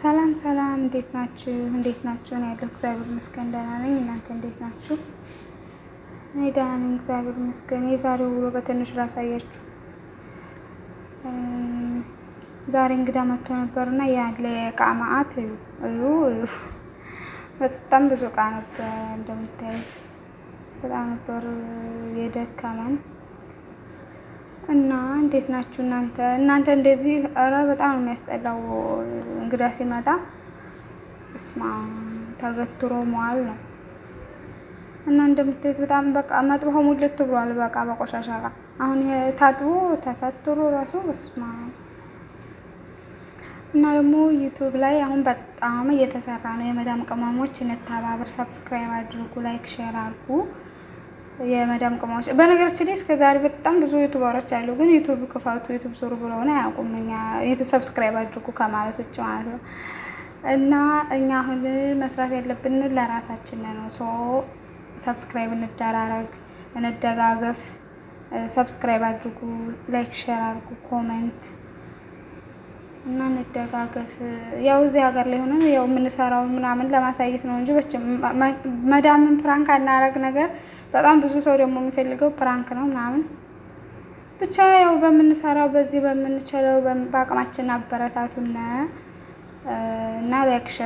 ሰላም ሰላም፣ እንዴት ናችሁ? እንዴት ናችሁ? እኔ ያለሁ እግዚአብሔር ይመስገን ደህና ነኝ። እናንተ እንዴት ናችሁ? እኔ ደህና ነኝ፣ እግዚአብሔር ይመስገን። የዛሬው ውሎ በትንሹ ላሳያችሁ። ዛሬ እንግዳ መጥቶ ነበርና ያለ እቃ ማአት እዩ፣ በጣም ብዙ እቃ ነበር እንደምታዩት፣ በጣም ነበር የደከመን እና እንዴት ናችሁ እናንተ? እናንተ እንደዚህ ኧረ በጣም ነው የሚያስጠላው። እንግዳ ሲመጣ እስማ ተገትሮ መዋል ነው። እና እንደምታዩት በጣም በቃ መጥበሆ ሙልት ብሏል። በቃ በቆሻሻ ጋር አሁን ታጥቦ ተሰትሮ ራሱ እስማ እና ደግሞ ዩቱብ ላይ አሁን በጣም እየተሰራ ነው። የመዳም ቅመሞች እንተባበር። ሰብስክራይብ አድርጉ፣ ላይክ ሼር አድርጉ። የመዳም ቅማዎች በነገራችን ላይ ዛሬ በጣም ብዙ ዩቱበሮች አሉ፣ ግን ዩቱብ ክፋቱ ዩቱብ ስሩ ብለሆነ አያውቁም። እኛ ሰብስክራይብ አድርጉ ከማለት ውጭ ማለት ነው። እና እኛ አሁን መስራት ያለብን ለራሳችን ነው። ሶ ሰብስክራይብ እንደራረግ፣ እንደጋገፍ። ሰብስክራይብ አድርጉ፣ ላይክ ሼር አድርጉ፣ ኮመንት እና እንደጋገፍ ያው እዚህ ሀገር ላይ ሆነን ያው የምንሰራው ምናምን ለማሳየት ነው እንጂ መዳምን ፕራንክ አናረግ ነገር በጣም ብዙ ሰው ደግሞ የሚፈልገው ፕራንክ ነው ምናምን ብቻ ያው በምንሰራው በዚህ በምንችለው በአቅማችን አበረታቱን እና ሪያክሽን